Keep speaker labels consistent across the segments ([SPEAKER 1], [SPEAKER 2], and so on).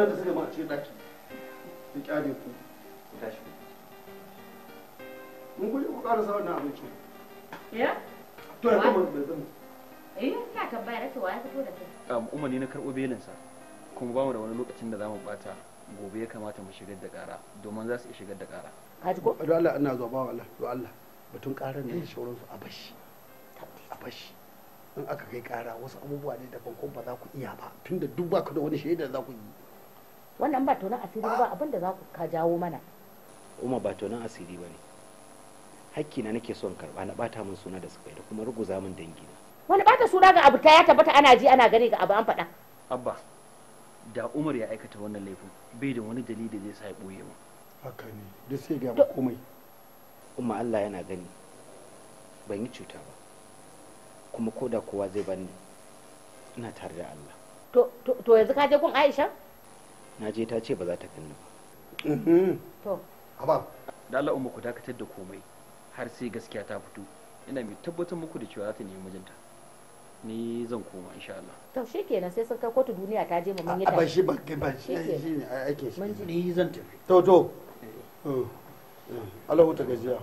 [SPEAKER 1] da suka ma a cikin eh, da
[SPEAKER 2] mun da ne na karɓo belinsa kuma ba mu da wani lokacin da zamu bata gobe ya kamata mu shigar da ƙara domin za su iya shigar da ƙara
[SPEAKER 1] ka ji ko don Allah ina zuwa Allah Allah batun ƙarar ne da sauransu a bashi a bashi in aka kai ƙara wasu abubuwa ne daban ko ba za ku iya ba tunda duk ba ku da wani shaida za ku yi
[SPEAKER 3] wannan ba tonan asiri ba abin da za ku ka jawo mana
[SPEAKER 1] Kuma ba tonan asiri ba ne hakki na nake son karba na bata min suna da suka yi da kuma ruguza min dangi na
[SPEAKER 3] wani bata suna ga abu ta ya tabbata ana ji ana gani ga abu an faɗa
[SPEAKER 2] abba da umar ya aikata wannan laifin bai da wani dalili zai sa ya boye mu haka ne da sai ga komai
[SPEAKER 1] Kuma Allah yana gani ban yi cuta ba kuma koda kowa zai bani ina tare da Allah
[SPEAKER 3] to to yanzu ka je gun Aisha
[SPEAKER 1] na je ta ce ba za ta kanna ba mhm.
[SPEAKER 3] to
[SPEAKER 2] haba da Allah umma ku dakatar da komai har sai gaskiya ta fito ina mai tabbatar muku da cewa za ta nemi mijinta ni zan koma insha Allah
[SPEAKER 3] to shikenan sai sun kai kotu duniya ta je mun yi ba shi ba kai ba shi ne
[SPEAKER 2] ake shi ni zan tafi to to eh. Eh, eh. Allah ta
[SPEAKER 4] gajiya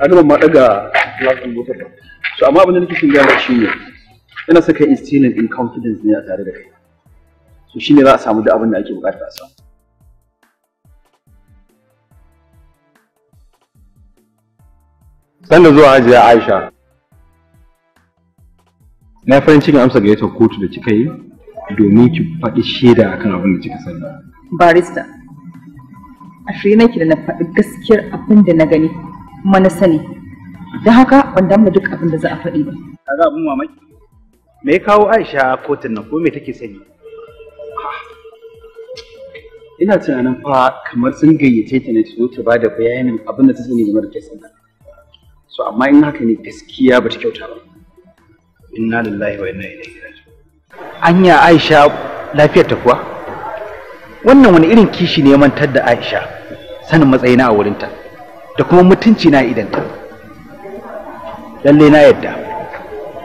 [SPEAKER 5] an
[SPEAKER 2] ma daga lafin motar ba so amma abin da nake shiga gaya shi ne ina saka instilling in confidence ne a tare da kai so shine za a samu duk abin da ake bukata a samu
[SPEAKER 4] sanda zuwa ajiya aisha na farin cikin amsa gayyatar kotu da kika yi domin ki faɗi shaida akan abin da kika sani
[SPEAKER 5] barista a shirye nake da na faɗi gaskiyar abin da na gani Mana sani Da haka ban damu duk abin da za a faɗi ba A
[SPEAKER 1] kaga abin mamaki me ya kawo Aisha kotun nan ko me take sani
[SPEAKER 2] ina tunanin fa kamar sun gayyace ta ne su ta bada bayanin abin da ta sani game da kesin nan so amma in haka ne gaskiya ba ta kyauta ba inna lillahi wa inna ilaihi raji'un
[SPEAKER 1] anya Aisha lafiyar ta kuwa wannan wani irin kishi ne mantar da Aisha sanin matsayina a wurinta da kuma mutunci na ta lalle na yadda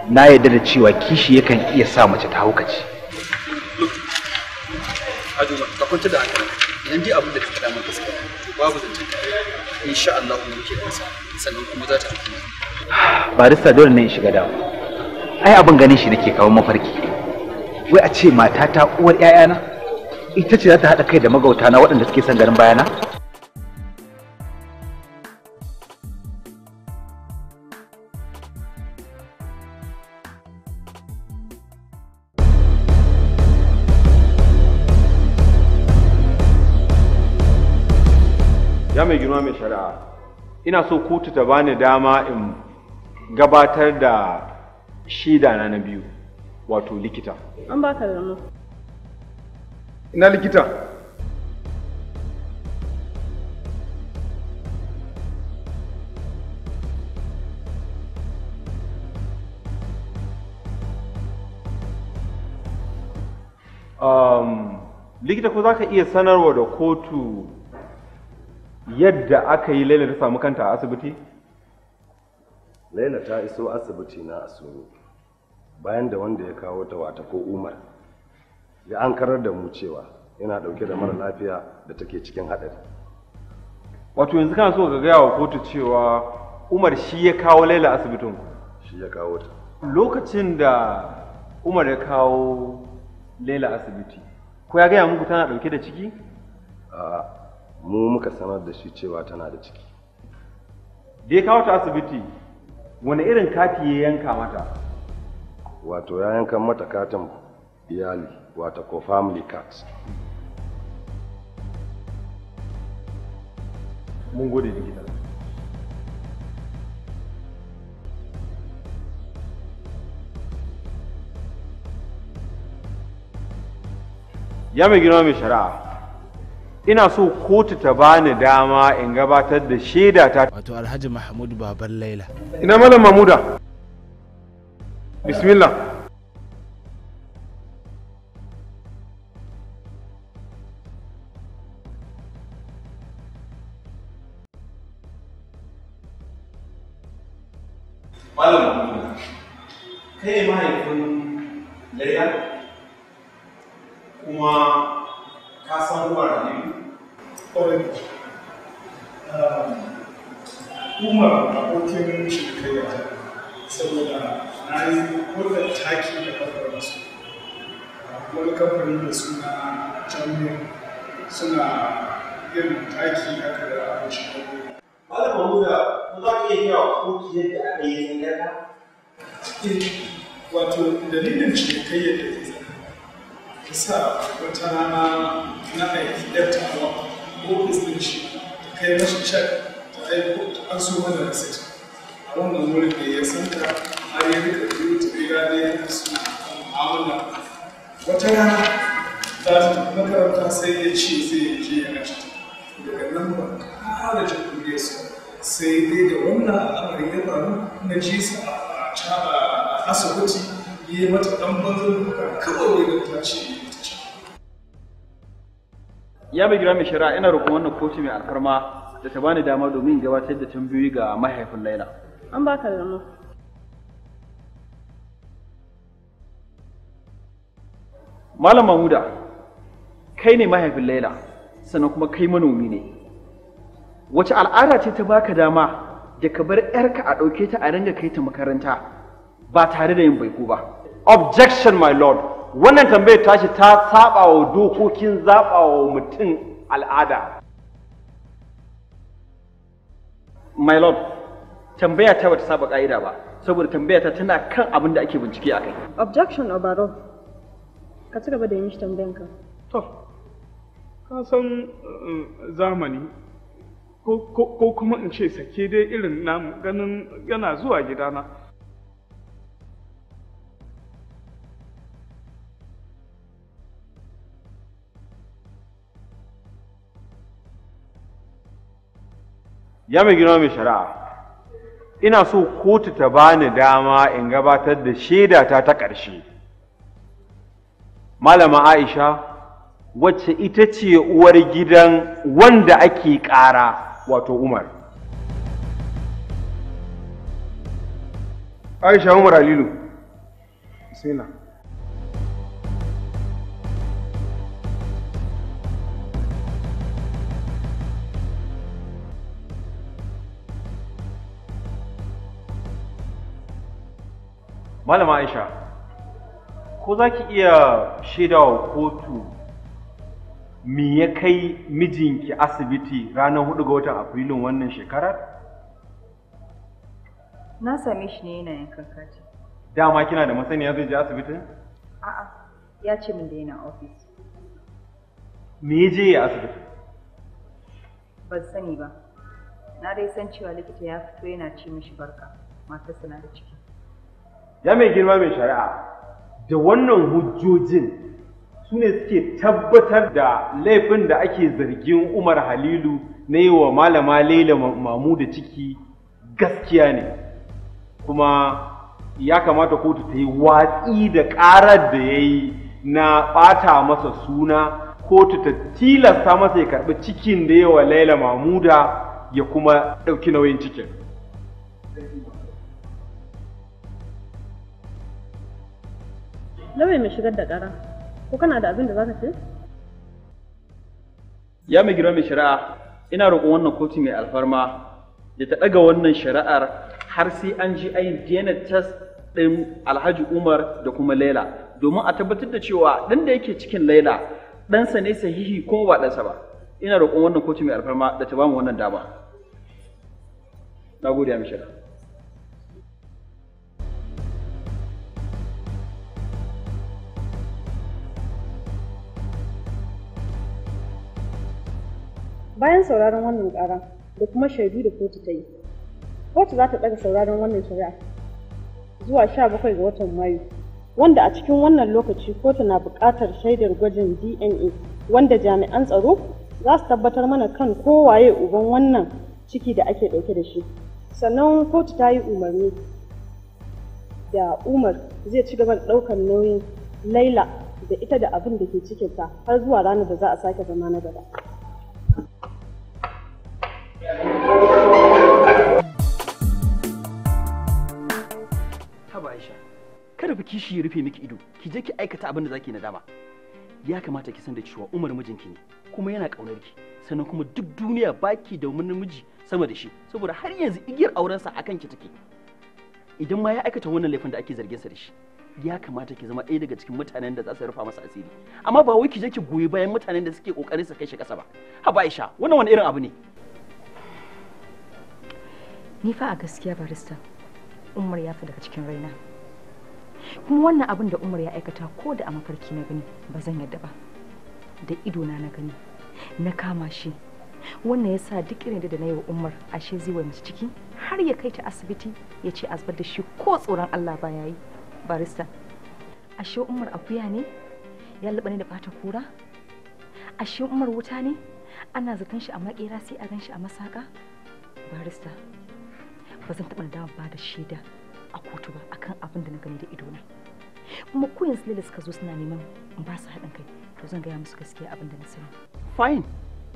[SPEAKER 1] na yadda da cewa kishi yakan iya sa mace ta haukace
[SPEAKER 2] ka kwanta da idan dai abin da ka kada maka sai babu zancen insha Allah mu yake da sannan kuma za ta
[SPEAKER 1] barista dole ne in shiga dawo ai abin ganin shi nake kawo mafarki wai a ce mata ta uwar 'ya'yana ita ce za ta haɗa kai da magautana waɗanda suke son garin bayana
[SPEAKER 4] ya mai girma mai shari'a ina so kotu ta bani dama in gabatar da shida na na biyu wato likita
[SPEAKER 5] an baka da
[SPEAKER 4] ina likita um, likita ko za ka iya sanarwa da kotu yadda aka yi laila ta samu kanta a asibiti?
[SPEAKER 1] laila ta iso asibiti na asoro bayan da wanda ya kawo ta wata ko umar ya an karar da mu cewa yana dauke da mara lafiya da take cikin haɗari
[SPEAKER 4] wato yanzu kana so ga gaya wa kotu cewa umar shi ya kawo laila asibitin
[SPEAKER 2] shi ya kawo ta
[SPEAKER 4] lokacin da umar ya kawo laila asibiti ko ya gaya muku tana dauke da ciki
[SPEAKER 1] mu muka sanar da shi cewa tana da ciki
[SPEAKER 4] da ya kawo ta asibiti wani irin kati ya yanka mata
[SPEAKER 1] wato ya yanka mata katin
[SPEAKER 4] iyali wato ko family card mun gode gidan. ya mai girma mai shari'a ina so kotu ta bani dama in gabatar da shaida ta wato alhaji mahmud baban laila ina malam mahmuda bismillah malam mahmuda kai mahaifin laila kuma ka san wurare ƙwarai umar abokin cinikayya saboda na yi wannan taki da ƙarfar su wani kamfani da suna jamin suna yin taki haka da abin shekaru Malam Mahmuda, ku za ka iya gaya wa koki yadda aka yi zangarta? Eh, wato, dalilin cinikayyar
[SPEAKER 2] da ke sa wata rana na aiki dattawa ofis ɗin shi ta kai mashi cek ta aiko ta an so mana rasit
[SPEAKER 4] a wannan wurin da ya san ta har ya rika biyu ta bai gane yana su mu'amala
[SPEAKER 5] wata
[SPEAKER 2] rana za ta tafi makaranta sai ya ce zai je ya gashi daga nan ba ƙara jin kuriyar su sai dai da wannan al'amari ya faru na ji a asibiti yi Ya bai gira mai shari'a ina roƙon wannan kotu mai alfarma da ta bani dama domin gabatar da tambayoyi ga mahaifin Laila. An ba ka Malam Mahuda kai ne mahaifin Laila, sannan kuma kai manomi ne. Wace al'ada ce ta baka dama da ka bar 'yarka a ɗauke ta a ringa kai ta makaranta ba tare da yin baiko ba? objection my lord wannan tambayar tashi ta saba wa dokokin zaɓawa mutum
[SPEAKER 4] al'ada
[SPEAKER 2] my lord tambaya ta bata saba ƙa'ida ba saboda tambaya ta tana kan abin da ake bincike a kai
[SPEAKER 5] objection baro. ka ci gaba da yin shi ka to ka san
[SPEAKER 4] eh, zamani ko kuma in ce sake dai irin namu ganin yana zuwa gidana ya mai girma mai shari'a ina so kotu ta bani dama in gabatar da shaida ta ta ƙarshe malama aisha wacce ita ce uwar gidan wanda ake ƙara wato umar aisha umar alilu malama aisha ko za ki iya shaidawa kotu me ya kai mijinki asibiti ranar hudu ga watan afrilun wannan shekarar
[SPEAKER 5] na same shi ne yana yankan kaci
[SPEAKER 4] dama kina da masaniya zai je asibitin
[SPEAKER 5] a'a ya ce min da yana ofis
[SPEAKER 4] me ya je ya asibiti
[SPEAKER 5] ban sani ba na dai san cewa likita ya fito yana ce mishi barka matarsa na da ciki
[SPEAKER 4] ya mai girma mai shari'a da wannan hujjojin su ne suke tabbatar da laifin da ake zargin umar halilu na yi wa malama laila mamu da ciki gaskiya ne kuma ya kamata kotu ta yi watsi da ƙarar da ya yi na ɓata masa suna kotu ta tilasta masa ya karɓi cikin da wa laila mamuda ya kuma ɗauki nauyin cikin
[SPEAKER 5] Lawai mai shigar da ƙara ko kana da abin da zaka ce
[SPEAKER 2] ya mai girma mai shari'a ina roƙon wannan kotu mai alfarma da ta ɗaga wannan shari'ar har sai an ji ayi dna test ɗin alhaji umar da kuma laila domin a tabbatar da cewa ɗan da yake cikin laila ɗansa ne sahihi ko ba ɗansa ba ina roƙon wannan kotu mai alfarma da ta bamu wannan dama na gode ya shari'a.
[SPEAKER 5] bayan sauraron wannan ƙara da kuma shaidu da kotu ta yi kotu za ta ɗaga sauraron wannan shari'a zuwa 17 ga watan mayu wanda a cikin wannan lokaci kotu na buƙatar shaidar gwajin dna wanda jami'an tsaro za su tabbatar mana kan kowaye uban wannan ciki da ake ɗauke da shi sannan kotu ta yi umarni da umar zai ci gaba da ɗaukar nauyin laila da ita da abin da ke cikinta har zuwa ranar da za a sake zama na gaba
[SPEAKER 2] karfa kishi ya rufe miki ido ki je ki aikata abin da zaki dama ya kamata ki san da cewa Umar mijinki ne kuma yana kaunar ki sannan kuma duk duniya baki da mun namiji sama da shi saboda har yanzu igiyar auren sa akan ki take idan ma ya aikata wannan laifin da ake zargin sa da shi ya kamata ki zama ɗaya daga cikin mutanen da za su rufa masa asiri amma ba wai ki je ki goyi bayan mutanen da suke kokarin su kai shi kasa ba haba Aisha wannan wani irin abu ne
[SPEAKER 3] ni fa a gaskiya barista Umar ya fi daga cikin raina kuma wannan abin da umar ya aikata
[SPEAKER 5] ko da a mafarki na gani ba zan yadda ba da idona na gani na kama shi wannan ya sa duk irin da na yi wa umar ashe zai mace ciki har ya kai ta asibiti
[SPEAKER 3] ya ce a zubar da shi ko tsoron allah ba yayi barista ashe umar akuya ne ya ne da bata kura ashe umar wuta ne ana zaton shi a makera sai a gan shi a masaka
[SPEAKER 5] barista ba zan taɓa da
[SPEAKER 3] ba da shaida a kotu ba akan abin da na gani da ido na kuma ko yanzu lalle suka zo suna neman in ba su haɗin kai to zan gaya musu gaskiya abin da na sani
[SPEAKER 2] fine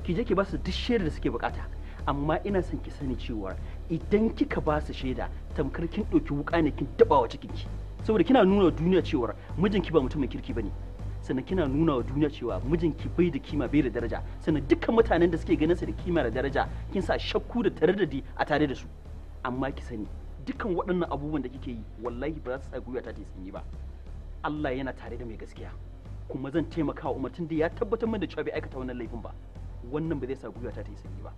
[SPEAKER 2] ki je ki ba su duk shaidar da suke bukata amma ina son ki sani cewa idan kika ba su shaida tamkar kin ɗauki wuka ne kin taɓa wa cikinki saboda kina nuna wa duniya cewa mijinki ba mutumin kirki bane sannan kina nuna wa duniya cewa mijinki bai da kima bai da daraja sannan dukkan mutanen da suke ganin sa da kima da daraja kin sa shakku da taraddadi a tare da su amma ki sani dukkan waɗannan abubuwan da kike yi wallahi ba za su sa gwiwa ta tsinyi ba Allah yana tare da mai gaskiya kuma zan taimaka wa Umar tunda ya tabbatar min da cewa bai aikata wannan laifin ba wannan ba zai sa gwiwa ta sanyi ba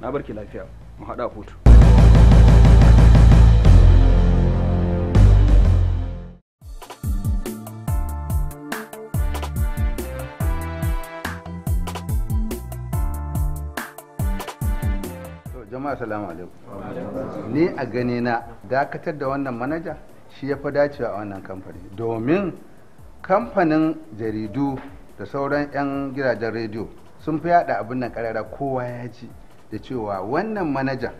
[SPEAKER 2] na barki lafiya mu haɗa kotu
[SPEAKER 1] jama'a salamu alaikum ni a gani na dakatar da wannan manaja shi ya fi dacewa a wannan kamfani domin kamfanin jaridu da sauran 'yan gidajen rediyo sun fi yada abin nan karara kowa ya ci da cewa wannan manaja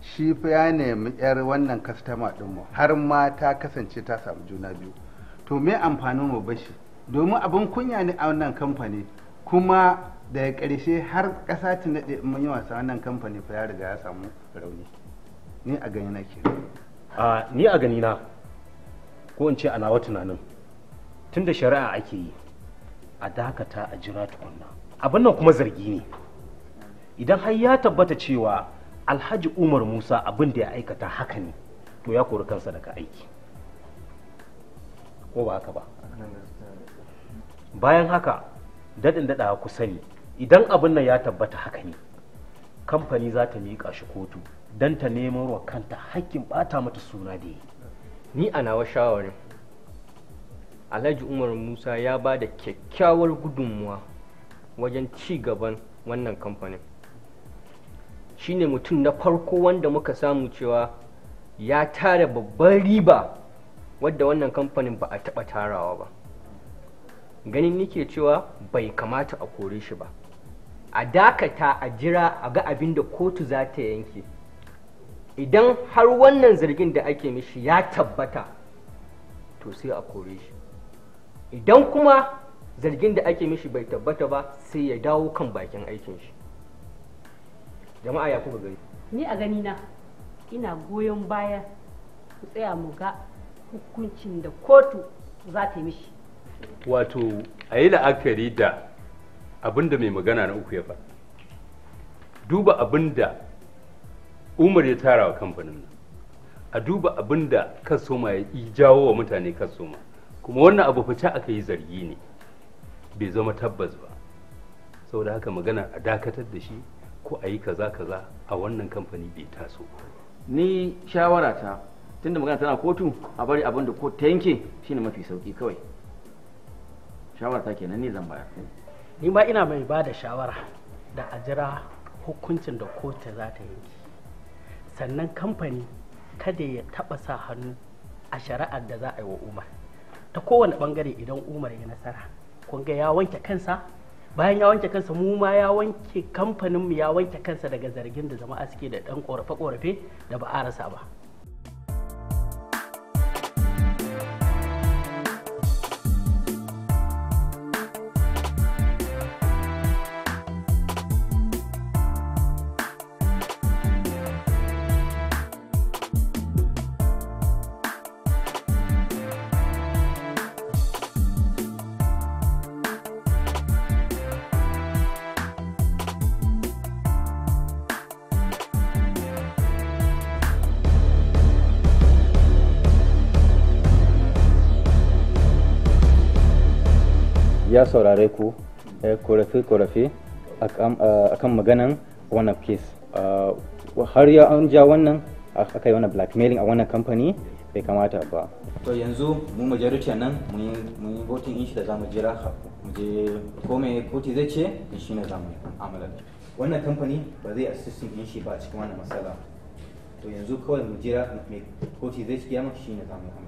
[SPEAKER 1] shi fi ya nemi yar wannan kastama mu har ma ta kasance ta samu juna biyu to me amfanin mu bashi domin abin kunya ne a wannan kamfani kuma daga ƙarshe har ƙasa ta naɗe mun yi wasa wannan kamfani fa ya riga ya samu rauni ni a gani na ke
[SPEAKER 4] a ni a gani na
[SPEAKER 1] ko in ce a nawa tunanin tunda shari'a ake yi a dakata a jira tukunna abin nan kuma zargi ne idan har ya tabbata cewa alhaji umar musa abin da ya aikata haka ne to ya kori kansa daga aiki ko ba haka ba bayan haka daɗin daɗawa kusa ne. idan abin nan ya tabbata haka ne kamfani za ta miƙa shi kotu don ta nemo wa kanta hakkin ɓata mata suna da yi ni a nawa shawarin alhaji umar musa ya ba da kyakkyawar gudunmuwa wajen ci gaban wannan kamfanin shine mutum na farko wanda muka samu cewa ya tara babban riba wadda wannan kamfanin ba a taɓa tarawa ba ganin nike cewa bai kamata a kore shi ba a dakata a jira a ga abin da kotu za ta yanke idan har wannan zargin da ake mishi ya tabbata to sai a kore shi idan kuma zargin da ake mishi bai tabbata ba sai ya dawo kan bakin aikin shi jama'a
[SPEAKER 5] ya
[SPEAKER 4] kuka gani
[SPEAKER 3] ni a gani na ina goyon baya ku tsaya mu ga
[SPEAKER 5] hukuncin da kotu za ta yi mishi
[SPEAKER 4] wato a yi la'akari da abinda mai magana na uku ya faɗa duba abinda umar ya tara wa kamfanin nan a duba abinda kasoma ya jawo wa mutane kasoma kuma wannan abu fice aka yi zargi ne bai zama tabbas ba da haka magana a dakatar da shi ko a yi kaza kaza
[SPEAKER 1] a wannan kamfani bai taso
[SPEAKER 2] ni shawara ta tunda magana tana kotu a bari abin da ta yanke shine mafi sauki kawai shawara ta kenan ne zan bayar
[SPEAKER 1] ni ma ina mai ba da shawara da a jira hukuncin da kotu za ta yanki sannan kamfani kada ya taɓa sa hannu a shari'ar da za a yi wa umar ta kowane ɓangare idan umar ya nasara kun ya wanke kansa bayan ya wanke kansa mu ma ya wanke kamfaninmu ya wanke kansa daga zargin da jama'a suke da ɗan ƙorafe-ƙorafe da ba a rasa ba ya saurare ku eh, korafe-korafe a kan eh, maganan wannan case eh, har ya an ja wannan aka yi wannan blackmailing a wannan kamfani bai kamata ba to yanzu mu majority nan mun yi voting in shi da zamu jira mu je ko mai koti zai ce shi ne zamu amala wannan kamfani ba zai assisting in shi ba cikin wannan matsala to yanzu kawai mu jira mai koti zai ce ya maka shi ne zamu amala.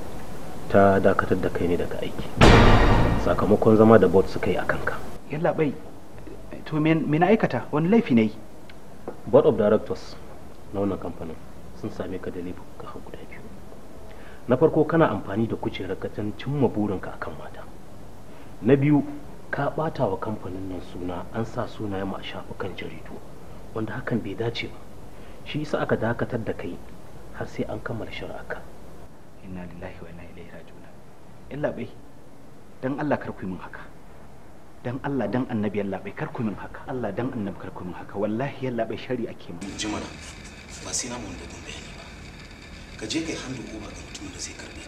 [SPEAKER 1] ta dakatar da kai ne daga aiki sakamakon zama da bot suka yi a kanka yalla bai to me na aikata wani laifi ne board of directors na wannan kamfanin sun same ka da laifuka guda biyu na farko kana amfani da kujerar katan cimma burinka a kan mata na biyu ka bata wa kamfanin nan suna an sa sunayen mu a shafukan jaridu wanda hakan bai dace ba shi isa aka dakatar da kai har sai an kammala shari'a inna lillahi wa inna ilaihi raji'un illa bai dan Allah kar ku min haka dan Allah dan annabi Allah bai kar ku min haka Allah dan annabi kar ku min haka wallahi yalla bai shari ake mu jimala ba sai na mun da gun bayani ba ka je kai hannu goma ga mutumin da sai karbi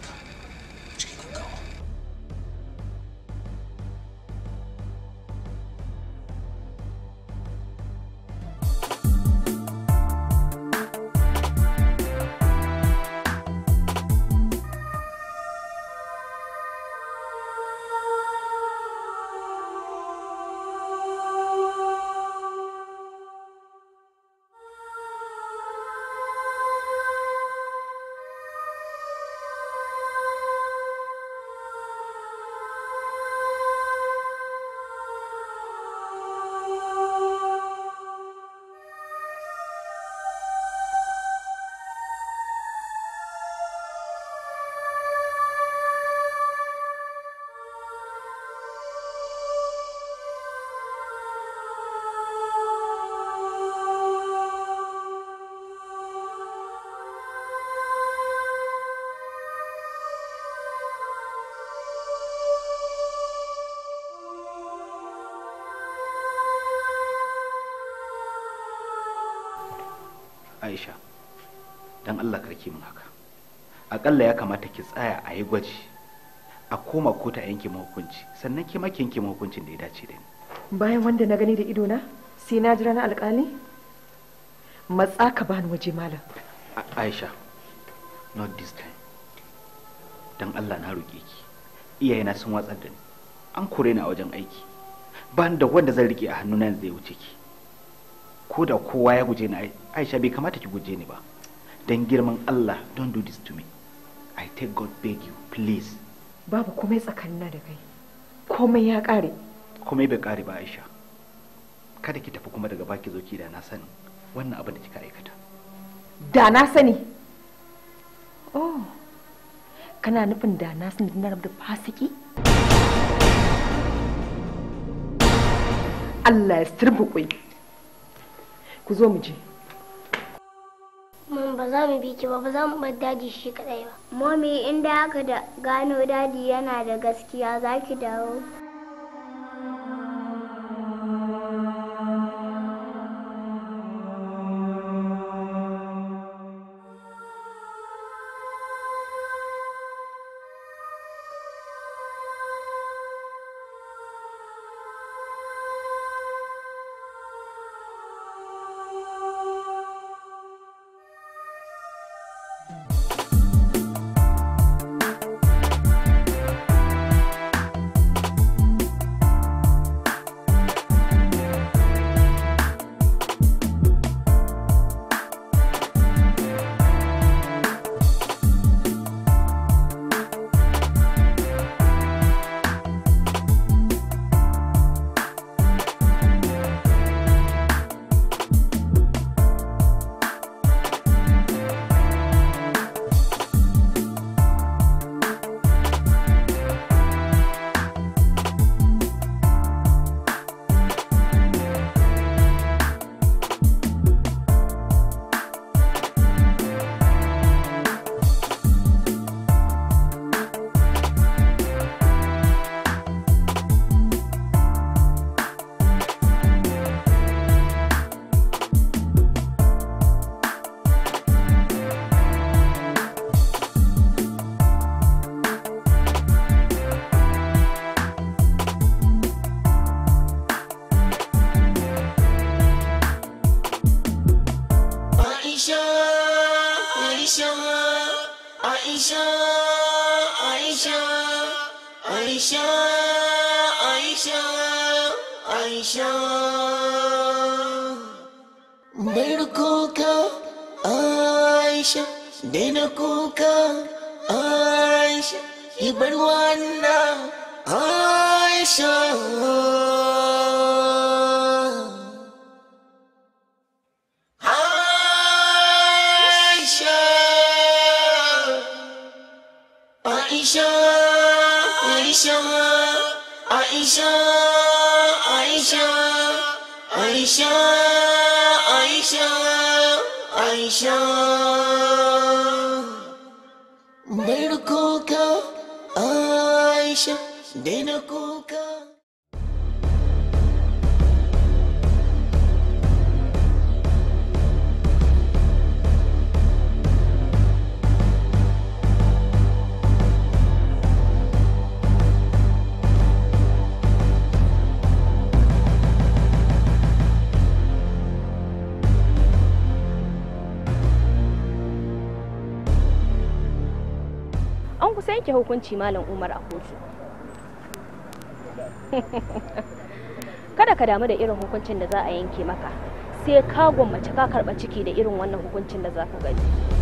[SPEAKER 1] aisha don allah karki min haka akalla ya kamata ki tsaya a yi gwaji a koma ko ta yanke hukunci sannan ki maki yanke hukuncin da ya dace da
[SPEAKER 5] ni bayan wanda na gani da ido na sai na jira na alƙali, matsa ka bani waje malam
[SPEAKER 1] aisha not this time don allah na roƙe ki iyayena sun watsar da ni an kore ni a wajen aiki bani da wanda zan rike a hannuna zai wuce ki ko da kowa ya guje ni aisha bai kamata ki guje ni ba don girman allah don do this to me i take god beg you please
[SPEAKER 5] babu komai tsakanina da kai komai ya kare
[SPEAKER 1] komai bai kare ba aisha kada ki tafi kuma daga baki zoki da na sani wannan abin da kika aikata
[SPEAKER 5] da na sani oh kana nufin da na sani na rabu da fasiki Allah ya sirbi kwai ku zo mu je
[SPEAKER 3] mun mm, ba za mu bi ki ba ba za mu bar daji shi kadai ba momi inda aka da gano daji yana da gaskiya za ki dawo Aisha, Aisha, Aisha, Aisha, Aisha, Aisha. लड़कों ka Aisha, दिन ta yanke hukunci malam umar a kotu kada ka damu da irin hukuncin da za a yanke maka sai ka gwammace ka karɓa ciki da irin wannan hukuncin da za ka gani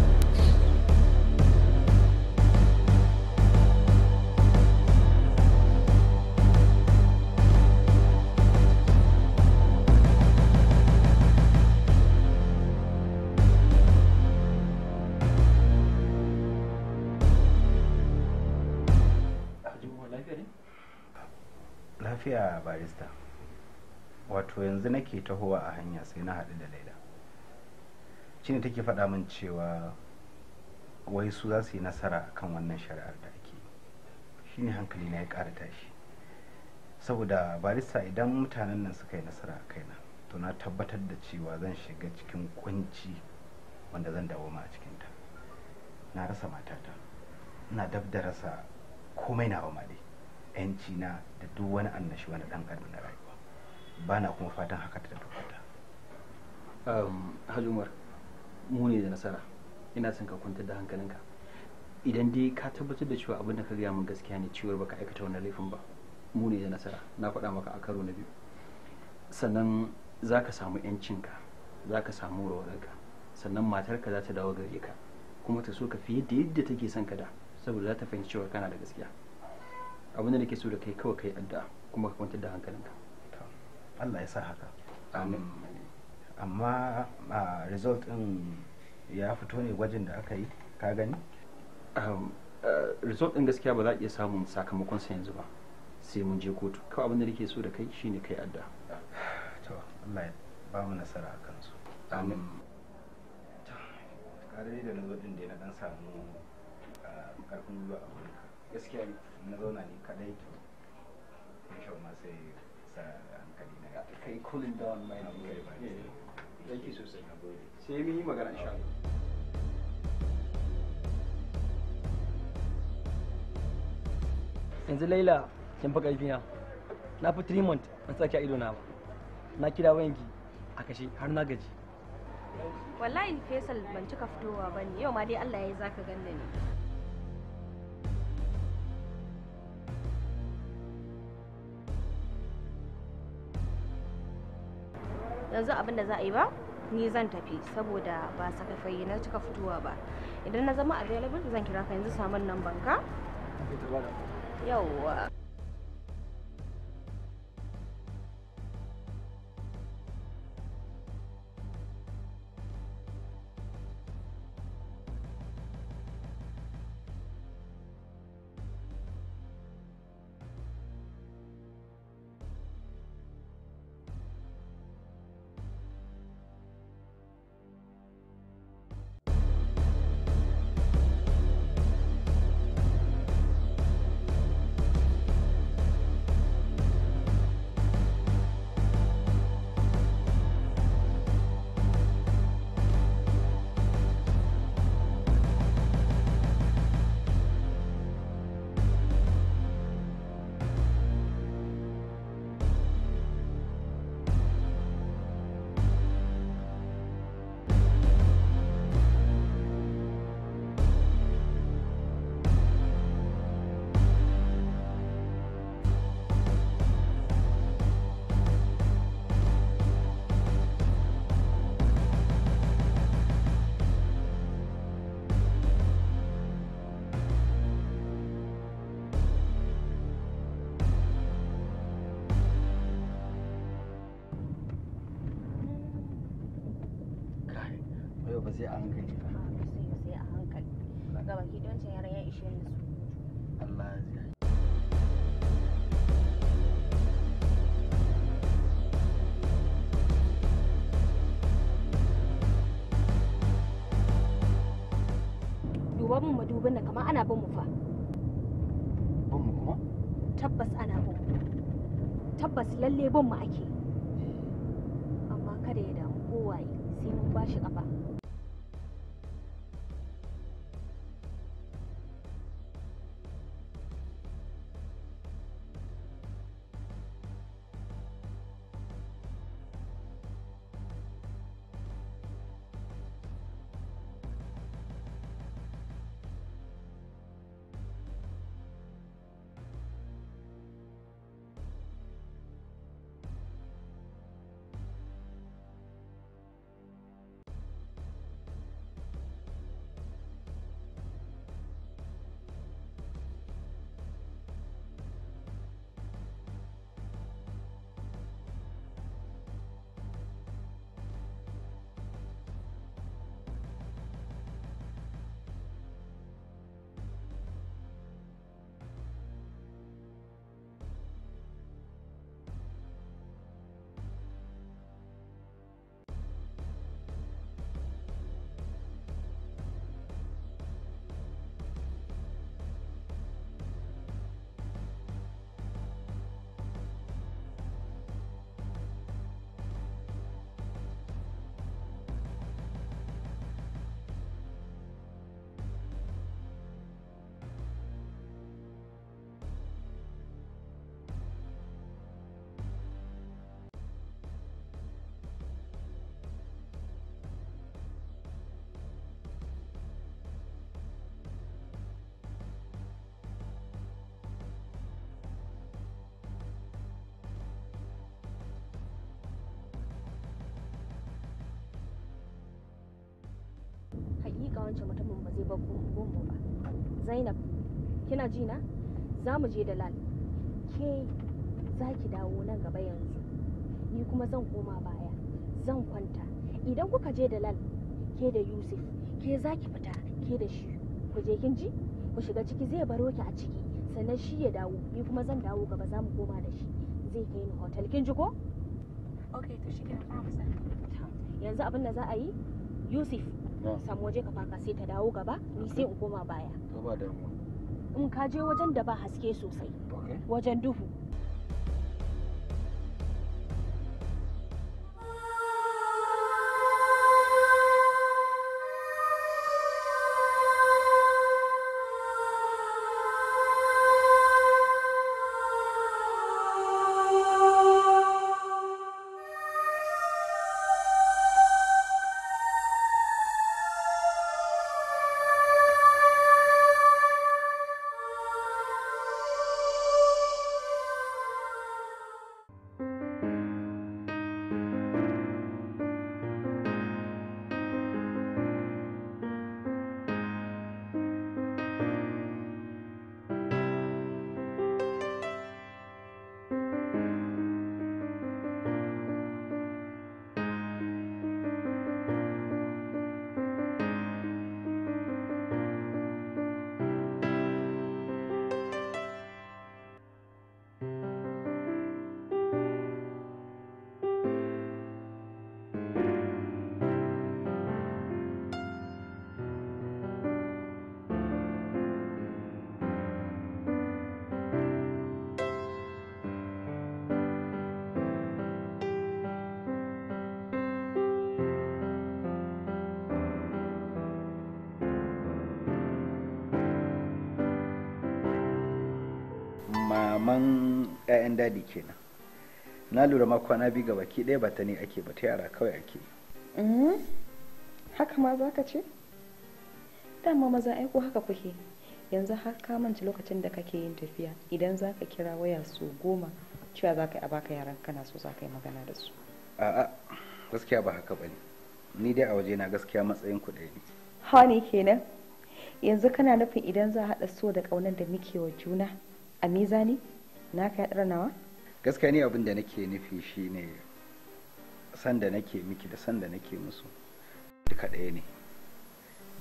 [SPEAKER 1] lafiya barista wato yanzu nake tahowa a hanya sai na haɗu da laila shine take faɗa min cewa wai su za su yi nasara kan wannan shari'ar da ake shine hankali na ya ƙara tashi saboda barista idan mutanen nan suka yi nasara a kaina to na tabbatar da cewa zan shiga cikin kunci wanda zan dawo ma a cikinta na rasa matata ina dab da rasa komai na ma dai yanci na da duk wani annashi wani dan adam na rayuwa ba na kuma fatan haka ta tafi
[SPEAKER 2] um, hajjumar mu ne da nasara ina son ka kwantar da hankalinka idan dai ka tabbatar da cewa abin da ka gaya min gaskiya ne ciwar baka aikata wannan laifin ba mu ne da nasara na faɗa maka a karo na biyu sannan za ka samu yancinka za ka samu rawarka sannan matarka za ta dawo gare ka kuma ta so ka fi yadda yadda take son ka da saboda za ta fahimci cewa kana da gaskiya abin da nake so da kai kawai kai addu'a kuma ka kwantar da hankalinka Allah ya sa haka amin
[SPEAKER 1] amma
[SPEAKER 2] a result
[SPEAKER 1] din ya fito ne gwajin da aka yi
[SPEAKER 2] ka gani result din gaskiya ba za a iya samun sakamakon sa yanzu ba sai mun je kotu kawai abin da nake so da kai shine kai addu'a to Allah ya ba mu nasara a kansu amin
[SPEAKER 1] kare da nazo din da na dan samu ƙarfin zuwa a gaskiya ne na zauna ni kadai to in tension ma sai sa hankali na ya kai cooling down mai na ne
[SPEAKER 4] thank you sosai sai mun yi magana insha Allah
[SPEAKER 2] yanzu laila kin fi ƙarfi na na fi 3 month an a ido na ba na kira wayanki a kashe har na gaji
[SPEAKER 3] wallahi faisal ban cika fitowa bane yau ma dai Allah ya yi zaka ganna ne yanzu abin da za a yi ba ni zan tafi saboda ba sakafai na cika fitowa ba idan na zama available zan kira ka yanzu samun nan banka yawwa duba min madubin nan kamar ana bin mu fa bin mu kuma tabbas ana bin mu tabbas lalle bin mu ake eh. amma kada ya damu kowaye sai mun bashi kafa wancan mutumin ba zai bar gombo ba zainab kina ji na za mu je da lal ke za ki dawo nan gaba yanzu ni kuma zan koma baya zan kwanta idan kuka je da lal ke da yusuf ke za ki fita ke da shi ku je kin ji ku shiga ciki zai baro ki a ciki sannan shi ya dawo ni kuma zan dawo gaba za mu koma da shi zai kai ni hotel kin ji ko okay to shi kenan yanzu abin da za a yi yusuf samu waje ka faka sai ta dawo gaba ni sai in koma baya in ka je wajen da ba haske sosai wajen duhu
[SPEAKER 1] maman 'ya'yan dadi kenan na lura ma kwana biyu ga baki ɗaya ba ta ne ake ba ta yara kawai
[SPEAKER 5] ake mm-hmm. haka ma za ka ce dama maza aiko haka kuke yanzu har ka lokacin da kake yin tafiya idan za ka kira waya su goma cewa za ka yi a baka yaran kana so za ka yi magana da su
[SPEAKER 1] a'a gaskiya ba haka ba ne ni dai a waje na gaskiya matsayin ku ɗaya ne
[SPEAKER 5] ha ne kenan yanzu kana nufin idan za a haɗa so da ƙaunar da muke wa juna a mizani na ka ɗara nawa
[SPEAKER 1] gaskiya ne abin da nake nufi shine san da nake miki da san da nake musu duka ɗaya ne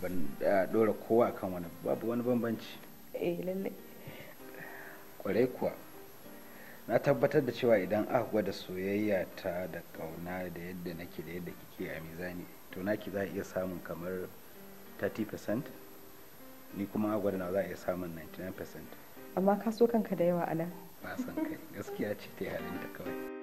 [SPEAKER 1] ban eh, ɗora kowa kan wani babu wani bambanci eh lalle kwarai kuwa na tabbatar da cewa idan aka gwada soyayya ta da kauna da yadda nake da yadda kike a mizani to naki za a iya samun kamar 30% ni kuma gwada na za a iya samun 99%
[SPEAKER 5] amma ka so kanka da yawa anan. ba
[SPEAKER 1] san kai gaskiya ce ta halin ta kawai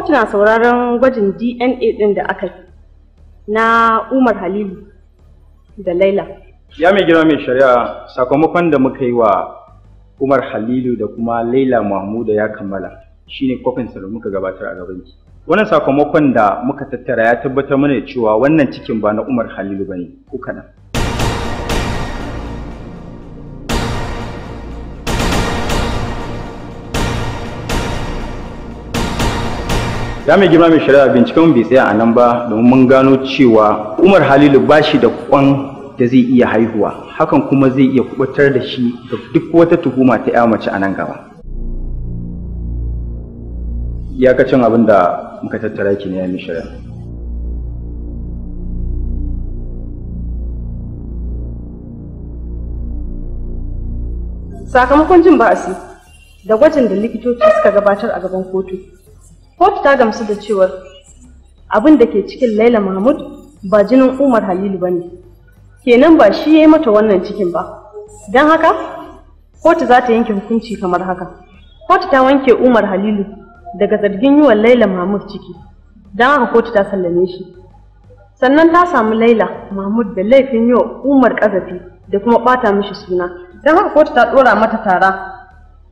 [SPEAKER 5] kotu na sauraron gwajin dna ɗin da aka yi na umar halilu da laila
[SPEAKER 4] ya mai girma mai shari'a sakamakon da muka yi wa umar halilu da kuma laila mahmuda ya kammala shine kwafinsa da muka gabatar a gabanki wannan sakamakon da muka tattara ya tabbatar mana cewa wannan cikin ba na umar halilu ba ne ko kaɗan ya mai girma mai shari'a binciken bai tsaya a nan ba domin mun gano cewa umar halilu ba shi da kwan da zai iya haihuwa hakan kuma zai iya kubutar da shi da duk wata tuhuma ta ya mace a nan gaba iyakacin abin da muka tattara ki ne ya shari'a
[SPEAKER 5] sakamakon jin ba'asi da gwajin da likitoci suka gabatar a gaban kotu kotu ta gamsu da cewar abin da ke cikin laila mahmud ba jinin umar halilu ba ne kenan ba shi ya yi mata wannan cikin ba don haka kotu za ta yanke hukunci kamar haka kotu ta wanke umar halilu daga zargin yiwa laila mahmud ciki don haka kotu ta sallame shi sannan ta samu laila mahmud da laifin yiwa umar ƙazafi da kuma ɓata mishi suna don haka kotu ta ɗora mata tara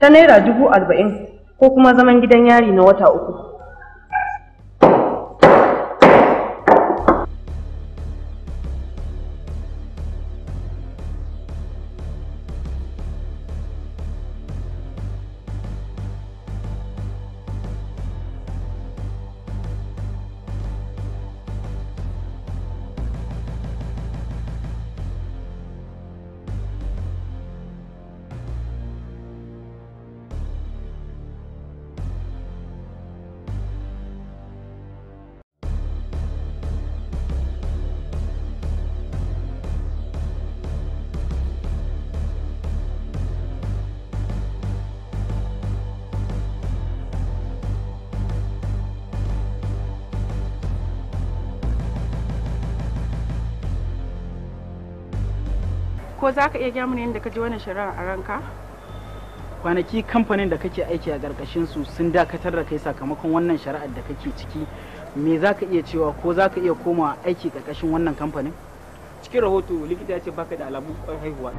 [SPEAKER 5] ta naira dubu arba'in ko kuma zaman gidan yari na wata uku ko za ka iya gaya mana yadda ka ji wani shirar a ranka
[SPEAKER 1] kwanaki kamfanin da kake aiki a ƙarƙashin su sun dakatar da kai sakamakon wannan shari'ar da kake ciki me za ka iya cewa ko za ka iya komawa aiki ƙarƙashin wannan kamfanin cikin rahoto likita ya ce baka da alamun haihuwa